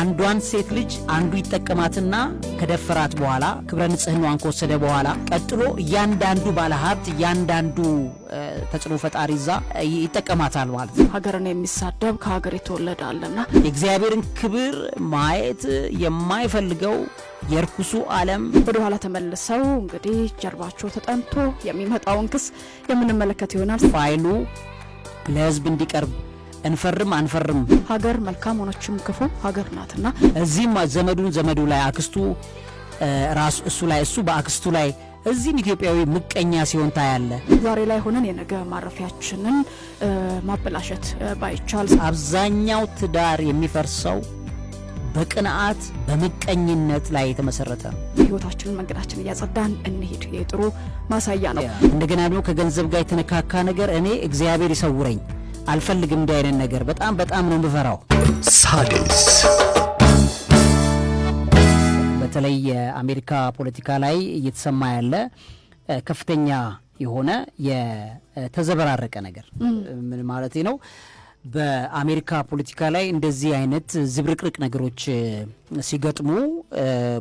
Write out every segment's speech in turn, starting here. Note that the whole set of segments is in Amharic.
አንዷን ሴት ልጅ አንዱ ይጠቀማትና ከደፈራት በኋላ ክብረ ንጽህናዋን ከወሰደ በኋላ ቀጥሎ እያንዳንዱ ባለሀብት እያንዳንዱ ተጽዕኖ ፈጣሪ ዛ ይጠቀማታል ማለት ነው። ሀገርን የሚሳደብ ከሀገር የተወለደ አለና የእግዚአብሔርን ክብር ማየት የማይፈልገው የርኩሱ ዓለም ኋላ ተመልሰው እንግዲህ ጀርባቸው ተጠንቶ የሚመጣውን ክስ የምንመለከት ይሆናል። ፋይሉ ለህዝብ እንዲቀርብ እንፈርም አንፈርም ሀገር መልካም ሆነችም ክፉ ሀገር ናትና እዚህም ዘመዱን ዘመዱ ላይ አክስቱ ራሱ እሱ ላይ እሱ በአክስቱ ላይ እዚህም ኢትዮጵያዊ ምቀኛ ሲሆን ታያለ። ዛሬ ላይ ሆነን የነገ ማረፊያችንን ማበላሸት ባይቻል፣ አብዛኛው ትዳር የሚፈርሰው በቅንዓት በምቀኝነት ላይ የተመሰረተ ህይወታችንን መንገዳችን እያጸዳን እንሄድ የጥሩ ማሳያ ነው። እንደገና ደግሞ ከገንዘብ ጋር የተነካካ ነገር እኔ እግዚአብሔር ይሰውረኝ አልፈልግም እንዲህ አይነት ነገር። በጣም በጣም ነው የምፈራው። ሳድስ በተለይ የአሜሪካ ፖለቲካ ላይ እየተሰማ ያለ ከፍተኛ የሆነ የተዘበራረቀ ነገር ምን ማለት ነው? በአሜሪካ ፖለቲካ ላይ እንደዚህ አይነት ዝብርቅርቅ ነገሮች ሲገጥሙ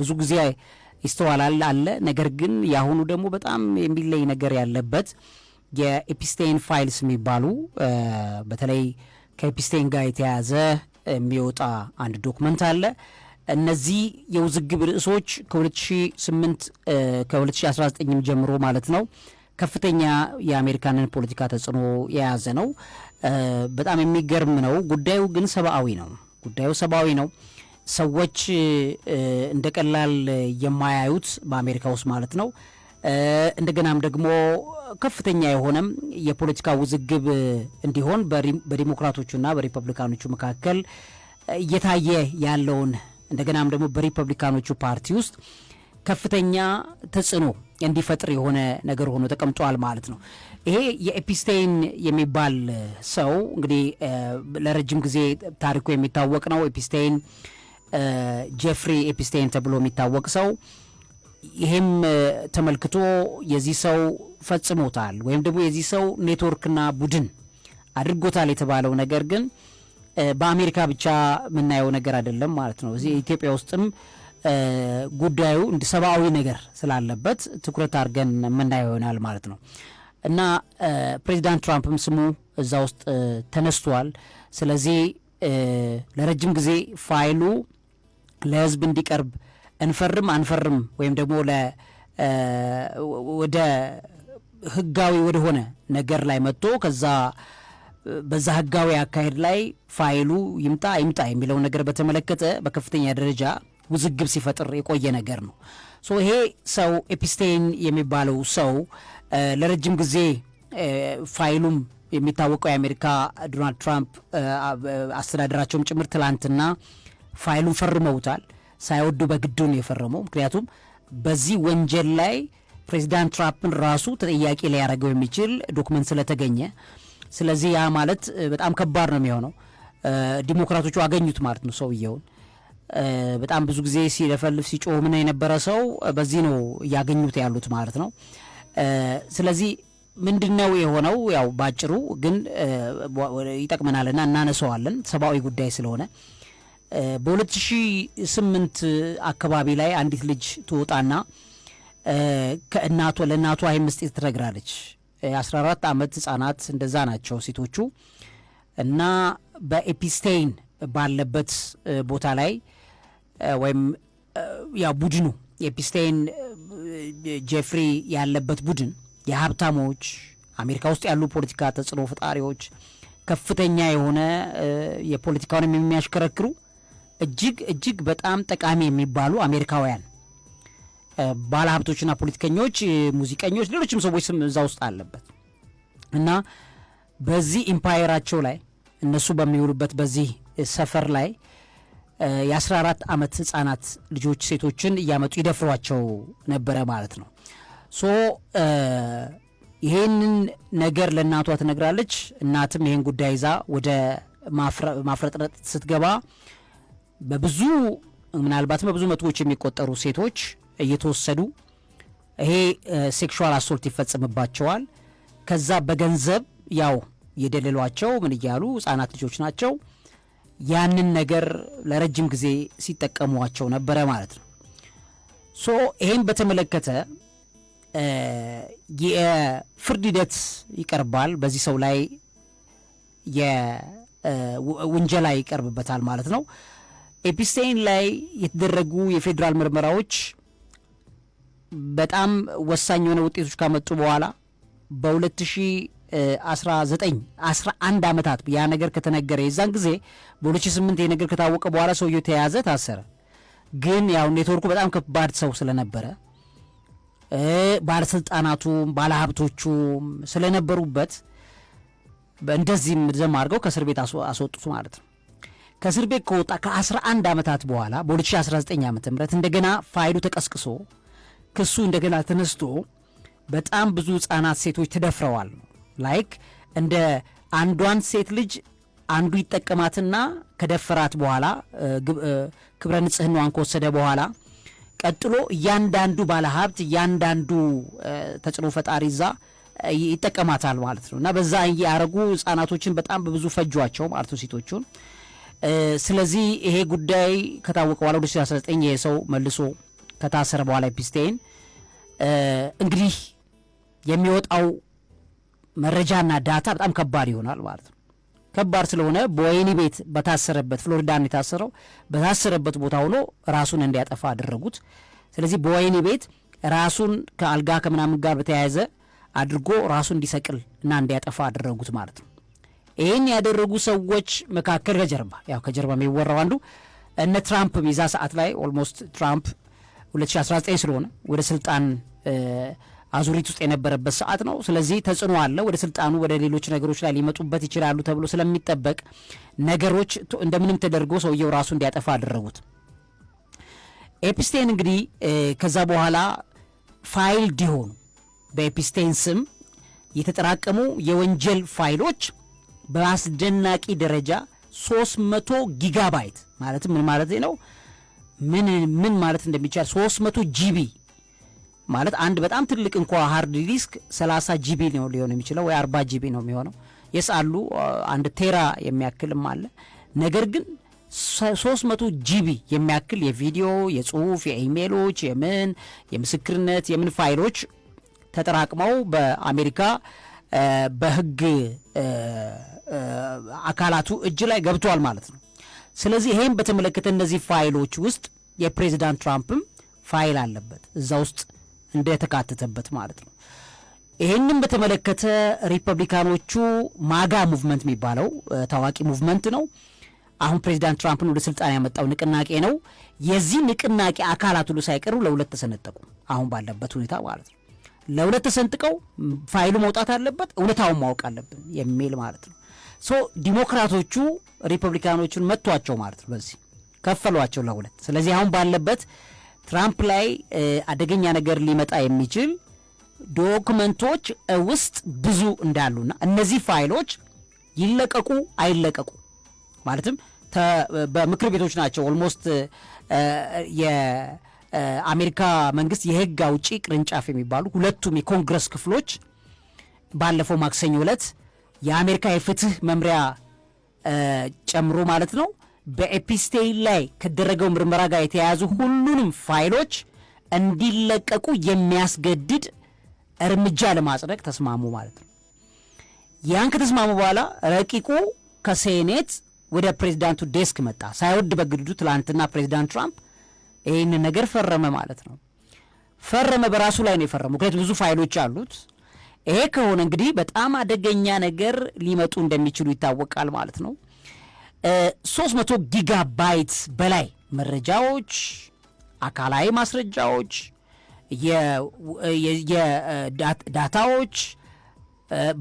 ብዙ ጊዜ ይስተዋላል አለ። ነገር ግን የአሁኑ ደግሞ በጣም የሚለይ ነገር ያለበት የኤፒስቴን ፋይልስ የሚባሉ በተለይ ከኤፒስቴን ጋር የተያያዘ የሚወጣ አንድ ዶክመንት አለ። እነዚህ የውዝግብ ርዕሶች ከ2008 ከ2019 ጀምሮ ማለት ነው ከፍተኛ የአሜሪካንን ፖለቲካ ተጽዕኖ የያዘ ነው። በጣም የሚገርም ነው። ጉዳዩ ግን ሰብአዊ ነው። ጉዳዩ ሰብአዊ ነው። ሰዎች እንደ ቀላል የማያዩት በአሜሪካ ውስጥ ማለት ነው እንደገናም ደግሞ ከፍተኛ የሆነም የፖለቲካ ውዝግብ እንዲሆን በዲሞክራቶቹና በሪፐብሊካኖቹ መካከል እየታየ ያለውን እንደገናም ደግሞ በሪፐብሊካኖቹ ፓርቲ ውስጥ ከፍተኛ ተጽዕኖ እንዲፈጥር የሆነ ነገር ሆኖ ተቀምጧል ማለት ነው። ይሄ የኤፒስቴይን የሚባል ሰው እንግዲህ ለረጅም ጊዜ ታሪኩ የሚታወቅ ነው። ኤፒስቴይን ጄፍሪ ኤፒስቴይን ተብሎ የሚታወቅ ሰው ይህም ተመልክቶ የዚህ ሰው ፈጽሞታል ወይም ደግሞ የዚህ ሰው ኔትወርክና ቡድን አድርጎታል የተባለው ነገር ግን በአሜሪካ ብቻ የምናየው ነገር አይደለም ማለት ነው። እዚህ ኢትዮጵያ ውስጥም ጉዳዩ እንደ ሰብአዊ ነገር ስላለበት ትኩረት አድርገን የምናየው ይሆናል ማለት ነው እና ፕሬዚዳንት ትራምፕም ስሙ እዛ ውስጥ ተነስቷል። ስለዚህ ለረጅም ጊዜ ፋይሉ ለህዝብ እንዲቀርብ እንፈርም አንፈርም ወይም ደግሞ ወደ ህጋዊ ወደሆነ ነገር ላይ መጥቶ ከዛ በዛ ህጋዊ አካሄድ ላይ ፋይሉ ይምጣ ይምጣ የሚለውን ነገር በተመለከተ በከፍተኛ ደረጃ ውዝግብ ሲፈጥር የቆየ ነገር ነው። ሶ ይሄ ሰው ኤፒስቴን የሚባለው ሰው ለረጅም ጊዜ ፋይሉም የሚታወቀው የአሜሪካ ዶናልድ ትራምፕ አስተዳደራቸውም ጭምር ትላንትና ፋይሉን ፈርመውታል። ሳይወዱ በግዱ ነው የፈረመው። ምክንያቱም በዚህ ወንጀል ላይ ፕሬዚዳንት ትራምፕን ራሱ ተጠያቂ ሊያደርገው የሚችል ዶክመንት ስለተገኘ፣ ስለዚህ ያ ማለት በጣም ከባድ ነው የሚሆነው። ዲሞክራቶቹ አገኙት ማለት ነው። ሰውየውን በጣም ብዙ ጊዜ ሲለፈልፍ ሲጮህ ምን የነበረ ሰው በዚህ ነው እያገኙት ያሉት ማለት ነው። ስለዚህ ምንድን ነው የሆነው? ያው ባጭሩ ግን ይጠቅመናልና እናነሰዋለን ሰብአዊ ጉዳይ ስለሆነ በ2008 አካባቢ ላይ አንዲት ልጅ ትወጣና ከእናቷ ለእናቷ ይህ ምስጢር ትነግራለች የ14 ዓመት ህጻናት እንደዛ ናቸው ሴቶቹ እና በኤፒስቴይን ባለበት ቦታ ላይ ወይም ያ ቡድኑ ኤፒስቴይን ጄፍሪ ያለበት ቡድን የሀብታሞች አሜሪካ ውስጥ ያሉ ፖለቲካ ተጽዕኖ ፈጣሪዎች ከፍተኛ የሆነ የፖለቲካውን የሚያሽከረክሩ እጅግ እጅግ በጣም ጠቃሚ የሚባሉ አሜሪካውያን ባለሀብቶችና ፖለቲከኞች፣ ሙዚቀኞች፣ ሌሎችም ሰዎች ስም እዛ ውስጥ አለበት እና በዚህ ኢምፓየራቸው ላይ እነሱ በሚውሉበት በዚህ ሰፈር ላይ የ14 ዓመት ህጻናት ልጆች ሴቶችን እያመጡ ይደፍሯቸው ነበረ ማለት ነው። ሶ ይሄንን ነገር ለእናቷ ትነግራለች። እናትም ይሄን ጉዳይ ይዛ ወደ ማፍረጥረጥ ስትገባ በብዙ ምናልባት በብዙ መቶዎች የሚቆጠሩ ሴቶች እየተወሰዱ ይሄ ሴክሹዋል አሶልት ይፈጽምባቸዋል። ከዛ በገንዘብ ያው የደለሏቸው ምን እያሉ ህጻናት ልጆች ናቸው። ያንን ነገር ለረጅም ጊዜ ሲጠቀሟቸው ነበረ ማለት ነው። ሶ ይሄን በተመለከተ የፍርድ ሂደት ይቀርባል። በዚህ ሰው ላይ የውንጀላ ይቀርብበታል ማለት ነው። ኤፒስቴን ላይ የተደረጉ የፌዴራል ምርመራዎች በጣም ወሳኝ የሆነ ውጤቶች ካመጡ በኋላ በ2019 11 ዓመታት ያ ነገር ከተነገረ የዛን ጊዜ በ2008 ይህ ነገር ከታወቀ በኋላ ሰውየው ተያዘ፣ ታሰረ። ግን ያው ኔትወርኩ በጣም ከባድ ሰው ስለነበረ ባለስልጣናቱም ባለሀብቶቹም ስለነበሩበት እንደዚህም ዘም አድርገው ከእስር ቤት አስወጡት ማለት ነው። ከእስር ቤት ከወጣ ከ11 ዓመታት በኋላ በ2019 ዓ ም እንደገና ፋይሉ ተቀስቅሶ ክሱ እንደገና ተነስቶ በጣም ብዙ ህጻናት ሴቶች ተደፍረዋል። ላይክ እንደ አንዷን ሴት ልጅ አንዱ ይጠቀማትና ከደፈራት በኋላ ክብረ ንጽህናዋን ከወሰደ በኋላ ቀጥሎ እያንዳንዱ ባለሀብት እያንዳንዱ ተጽዕኖ ፈጣሪ ዛ ይጠቀማታል ማለት ነው እና በዛ እያረጉ ህጻናቶችን በጣም በብዙ ፈጇቸው ማለት ነው ሴቶቹን ስለዚህ ይሄ ጉዳይ ከታወቀ በኋላ 2019 ይሄ ሰው መልሶ ከታሰረ በኋላ ኤፕስቴይን እንግዲህ የሚወጣው መረጃና ዳታ በጣም ከባድ ይሆናል ማለት ነው። ከባድ ስለሆነ በወይኒ ቤት በታሰረበት ፍሎሪዳን የታሰረው በታሰረበት ቦታ ሆኖ ራሱን እንዲያጠፋ አደረጉት። ስለዚህ በወይኒ ቤት ራሱን ከአልጋ ከምናምን ጋር በተያያዘ አድርጎ ራሱን እንዲሰቅል እና እንዲያጠፋ አደረጉት ማለት ነው። ይህን ያደረጉ ሰዎች መካከል ከጀርባ ያው ከጀርባ የሚወራው አንዱ እነ ትራምፕ በዛ ሰዓት ላይ ኦልሞስት ትራምፕ 2019 ስለሆነ ወደ ስልጣን አዙሪት ውስጥ የነበረበት ሰዓት ነው። ስለዚህ ተጽዕኖ አለ። ወደ ስልጣኑ ወደ ሌሎች ነገሮች ላይ ሊመጡበት ይችላሉ ተብሎ ስለሚጠበቅ ነገሮች እንደምንም ተደርጎ ሰውየው ራሱ እንዲያጠፋ አደረጉት። ኤፕስቴን እንግዲህ ከዛ በኋላ ፋይል ዲሆኑ በኤፕስቴን ስም የተጠራቀሙ የወንጀል ፋይሎች በአስደናቂ ደረጃ 300 ጊጋባይት ማለት ምን ማለት ነው? ምን ምን ማለት እንደሚቻል 300 ጂቢ ማለት አንድ በጣም ትልቅ እንኳ ሃርድ ዲስክ 30 ጂቢ ነው ሊሆን የሚችለው ወይ 40 ጂቢ ነው የሚሆነው። የሳሉ አንድ ቴራ የሚያክልም አለ። ነገር ግን 300 ጂቢ የሚያክል የቪዲዮ፣ የጽሁፍ፣ የኢሜሎች፣ የምን የምስክርነት የምን ፋይሎች ተጠራቅመው በአሜሪካ በህግ አካላቱ እጅ ላይ ገብቷል ማለት ነው። ስለዚህ ይሄም በተመለከተ እነዚህ ፋይሎች ውስጥ የፕሬዚዳንት ትራምፕም ፋይል አለበት እዛ ውስጥ እንደተካተተበት ማለት ነው። ይህንም በተመለከተ ሪፐብሊካኖቹ ማጋ ሙቭመንት የሚባለው ታዋቂ ሙቭመንት ነው። አሁን ፕሬዚዳንት ትራምፕን ወደ ስልጣን ያመጣው ንቅናቄ ነው። የዚህ ንቅናቄ አካላት ሁሉ ሳይቀሩ ለሁለት ተሰነጠቁ። አሁን ባለበት ሁኔታ ማለት ነው። ለሁለት ተሰንጥቀው ፋይሉ መውጣት አለበት፣ እውነታውን ማወቅ አለብን የሚል ማለት ነው። ሶ ዲሞክራቶቹ ሪፐብሊካኖቹን መቷቸው ማለት ነው። በዚህ ከፈሏቸው ለሁለት። ስለዚህ አሁን ባለበት ትራምፕ ላይ አደገኛ ነገር ሊመጣ የሚችል ዶክመንቶች ውስጥ ብዙ እንዳሉና እነዚህ ፋይሎች ይለቀቁ አይለቀቁ ማለትም በምክር ቤቶች ናቸው ኦልሞስት የአሜሪካ መንግስት የህግ አውጪ ቅርንጫፍ የሚባሉ ሁለቱም የኮንግረስ ክፍሎች ባለፈው ማክሰኞ ዕለት የአሜሪካ የፍትህ መምሪያ ጨምሮ ማለት ነው በኤፒስቴይን ላይ ከደረገው ምርመራ ጋር የተያያዙ ሁሉንም ፋይሎች እንዲለቀቁ የሚያስገድድ እርምጃ ለማጽደቅ ተስማሙ ማለት ነው። ያን ከተስማሙ በኋላ ረቂቁ ከሴኔት ወደ ፕሬዚዳንቱ ዴስክ መጣ። ሳይወድ በግድዱ ትላንትና ፕሬዚዳንት ትራምፕ ይህን ነገር ፈረመ ማለት ነው። ፈረመ በራሱ ላይ ነው የፈረመው። ምክንያቱ ብዙ ፋይሎች አሉት ይሄ ከሆነ እንግዲህ በጣም አደገኛ ነገር ሊመጡ እንደሚችሉ ይታወቃል ማለት ነው። 300 ጊጋባይት በላይ መረጃዎች፣ አካላዊ ማስረጃዎች፣ የዳታዎች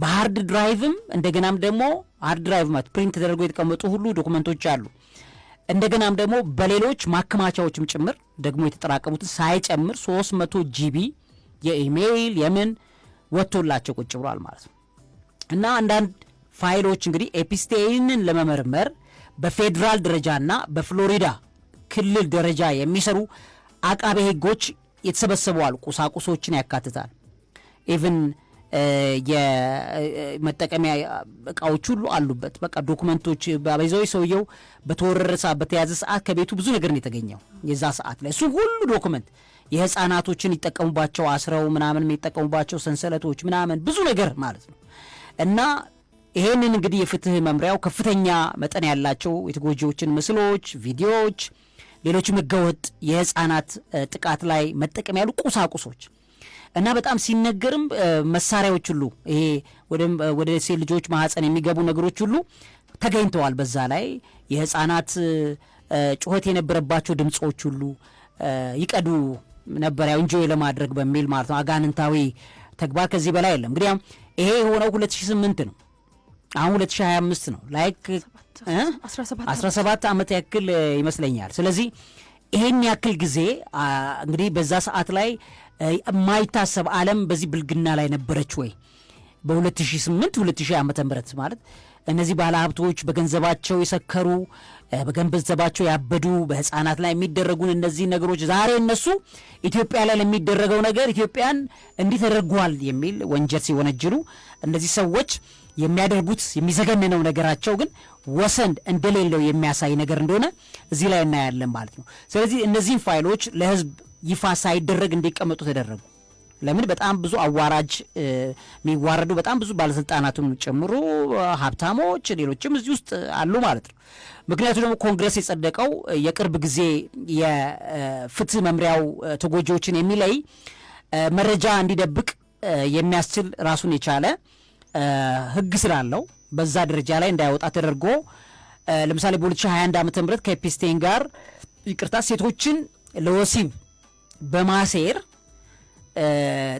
በሃርድ ድራይቭም እንደገናም ደግሞ ሃርድ ድራይቭ ማለት ፕሪንት ተደርጎ የተቀመጡ ሁሉ ዶክመንቶች አሉ። እንደገናም ደግሞ በሌሎች ማከማቻዎችም ጭምር ደግሞ የተጠራቀሙትን ሳይጨምር 300 ጂቢ የኢሜይል የምን ወጥቶላቸው ቁጭ ብሏል ማለት ነው። እና አንዳንድ ፋይሎች እንግዲህ ኤፒስቴይንን ለመመርመር በፌዴራል ደረጃና በፍሎሪዳ ክልል ደረጃ የሚሰሩ አቃቤ ሕጎች የተሰበሰበዋል ቁሳቁሶችን ያካትታል። ኢቭን የመጠቀሚያ እቃዎች ሁሉ አሉበት። በቃ ዶኩመንቶች በአበዛዊ ሰውየው በተወረረ ሰዓት በተያዘ ሰዓት ከቤቱ ብዙ ነገር ነው የተገኘው የዛ ሰዓት ላይ እሱ ሁሉ ዶኩመንት የህፃናቶችን ይጠቀሙባቸው አስረው ምናምን የሚጠቀሙባቸው ሰንሰለቶች ምናምን ብዙ ነገር ማለት ነው እና ይሄንን እንግዲህ የፍትህ መምሪያው ከፍተኛ መጠን ያላቸው የተጎጂዎችን ምስሎች፣ ቪዲዮዎች፣ ሌሎች ህገወጥ የህፃናት ጥቃት ላይ መጠቀም ያሉ ቁሳቁሶች እና በጣም ሲነገርም መሳሪያዎች ሁሉ ይሄ ወደ ሴት ልጆች ማህፀን የሚገቡ ነገሮች ሁሉ ተገኝተዋል። በዛ ላይ የህፃናት ጩኸት የነበረባቸው ድምፆች ሁሉ ይቀዱ ነበር ያው ኢንጆይ ለማድረግ በሚል ማለት ነው። አጋንንታዊ ተግባር ከዚህ በላይ የለም። እንግዲያ ይሄ የሆነው 2008 ነው። አሁን 2025 ነው። ላይክ 17 ዓመት ያክል ይመስለኛል። ስለዚህ ይሄን ያክል ጊዜ እንግዲህ በዛ ሰዓት ላይ የማይታሰብ ዓለም በዚህ ብልግና ላይ ነበረች ወይ? በ2008 2000 ዓ ም ማለት እነዚህ ባለ ሀብቶች በገንዘባቸው የሰከሩ በገንዘባቸው ያበዱ በህፃናት ላይ የሚደረጉን እነዚህ ነገሮች ዛሬ እነሱ ኢትዮጵያ ላይ ለሚደረገው ነገር ኢትዮጵያን እንዲህ ተደርጓል የሚል ወንጀል ሲወነጅሉ እነዚህ ሰዎች የሚያደርጉት የሚዘገንነው ነገራቸው ግን ወሰን እንደሌለው የሚያሳይ ነገር እንደሆነ እዚህ ላይ እናያለን ማለት ነው። ስለዚህ እነዚህን ፋይሎች ለህዝብ ይፋ ሳይደረግ እንዲቀመጡ ተደረጉ። ለምን በጣም ብዙ አዋራጅ የሚዋረዱ በጣም ብዙ ባለስልጣናትን ጨምሮ ሀብታሞች፣ ሌሎችም እዚህ ውስጥ አሉ ማለት ነው። ምክንያቱ ደግሞ ኮንግረስ የጸደቀው የቅርብ ጊዜ የፍትህ መምሪያው ተጎጂዎችን የሚለይ መረጃ እንዲደብቅ የሚያስችል ራሱን የቻለ ህግ ስላለው በዛ ደረጃ ላይ እንዳይወጣ ተደርጎ ለምሳሌ በ2021 ዓ ም ከኤፕስቴን ጋር ይቅርታ ሴቶችን ለወሲብ በማሴር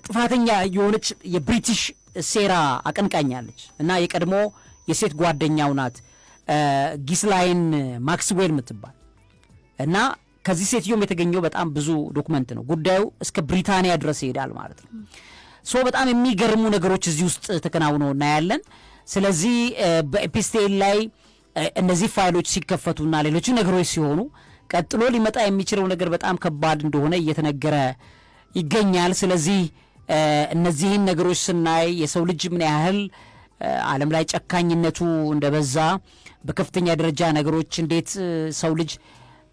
ጥፋተኛ የሆነች የብሪቲሽ ሴራ አቀንቃኛለች እና የቀድሞ የሴት ጓደኛው ናት ጊስላይን ማክስዌል የምትባል እና ከዚህ ሴትዮም የተገኘው በጣም ብዙ ዶክመንት ነው። ጉዳዩ እስከ ብሪታንያ ድረስ ይሄዳል ማለት ነው። ሶ በጣም የሚገርሙ ነገሮች እዚህ ውስጥ ተከናውኖ እናያለን። ስለዚህ በኤፒስቴል ላይ እነዚህ ፋይሎች ሲከፈቱና ሌሎች ነገሮች ሲሆኑ ቀጥሎ ሊመጣ የሚችለው ነገር በጣም ከባድ እንደሆነ እየተነገረ ይገኛል። ስለዚህ እነዚህን ነገሮች ስናይ የሰው ልጅ ምን ያህል ዓለም ላይ ጨካኝነቱ እንደበዛ በከፍተኛ ደረጃ ነገሮች እንዴት ሰው ልጅ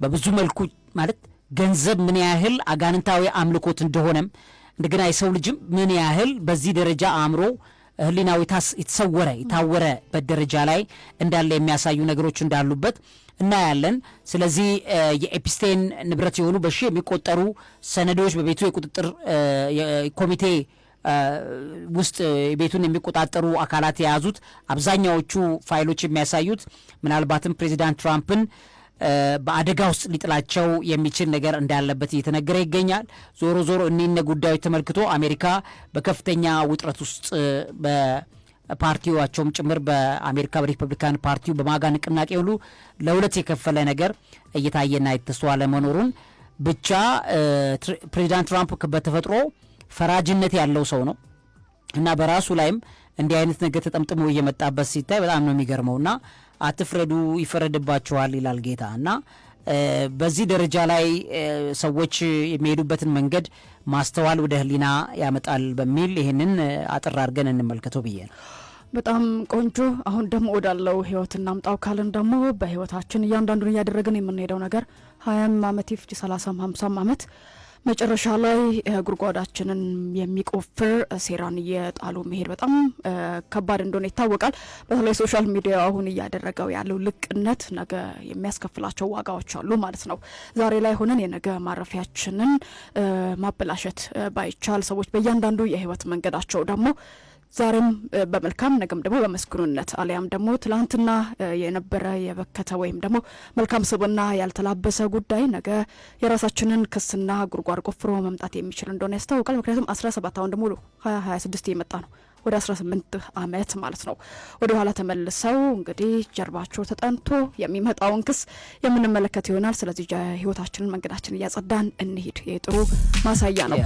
በብዙ መልኩ ማለት ገንዘብ ምን ያህል አጋንንታዊ አምልኮት እንደሆነም እንደገና የሰው ልጅም ምን ያህል በዚህ ደረጃ አእምሮ ሕሊናው የተሰወረ የታወረበት ደረጃ ላይ እንዳለ የሚያሳዩ ነገሮች እንዳሉበት እናያለን። ስለዚህ የኤፕስቴን ንብረት የሆኑ በሺ የሚቆጠሩ ሰነዶች በቤቱ የቁጥጥር ኮሚቴ ውስጥ ቤቱን የሚቆጣጠሩ አካላት የያዙት አብዛኛዎቹ ፋይሎች የሚያሳዩት ምናልባትም ፕሬዚዳንት ትራምፕን በአደጋ ውስጥ ሊጥላቸው የሚችል ነገር እንዳለበት እየተነገረ ይገኛል። ዞሮ ዞሮ እኒነ ጉዳዮች ተመልክቶ አሜሪካ በከፍተኛ ውጥረት ውስጥ ፓርቲዋቸውም ጭምር በአሜሪካ በሪፐብሊካን ፓርቲው በማጋ ንቅናቄ ሁሉ ለሁለት የከፈለ ነገር እየታየና የተስተዋለ መኖሩን ብቻ ፕሬዚዳንት ትራምፕ በተፈጥሮ ፈራጅነት ያለው ሰው ነው እና በራሱ ላይም እንዲህ አይነት ነገር ተጠምጥሞ እየመጣበት ሲታይ በጣም ነው የሚገርመው። እና አትፍረዱ ይፈረድባችኋል ይላል ጌታ እና በዚህ ደረጃ ላይ ሰዎች የሚሄዱበትን መንገድ ማስተዋል ወደ ህሊና ያመጣል በሚል ይህንን አጥር አድርገን እንመልከተው ብዬ ነው። በጣም ቆንጆ። አሁን ደግሞ ወዳለው ህይወት እናምጣው ካልን ደግሞ በህይወታችን እያንዳንዱን እያደረግን የምንሄደው ነገር ሀያም አመት ይፍጅ ሰላሳም ሀምሳም አመት መጨረሻ ላይ ጉድጓዳችንን የሚቆፍር ሴራን እየጣሉ መሄድ በጣም ከባድ እንደሆነ ይታወቃል። በተለይ ሶሻል ሚዲያ አሁን እያደረገው ያለው ልቅነት ነገ የሚያስከፍላቸው ዋጋዎች አሉ ማለት ነው። ዛሬ ላይ ሆነን የነገ ማረፊያችንን ማበላሸት ባይቻል ሰዎች በእያንዳንዱ የህይወት መንገዳቸው ደግሞ ዛሬም በመልካም ነገም ደግሞ በመስኩንነት አሊያም ደግሞ ትላንትና የነበረ የበከተ ወይም ደግሞ መልካም ስብና ያልተላበሰ ጉዳይ ነገ የራሳችንን ክስና ጉድጓድ ቆፍሮ መምጣት የሚችል እንደሆነ ያስታውቃል። ምክንያቱም 17 አሁን ደግሞ 2026 የመጣ ነው ወደ 18 ዓመት ማለት ነው። ወደ ኋላ ተመልሰው እንግዲህ ጀርባቸው ተጠንቶ የሚመጣውን ክስ የምንመለከት ይሆናል። ስለዚህ ህይወታችንን መንገዳችን እያጸዳን እንሂድ። የጥሩ ጥሩ ማሳያ ነው።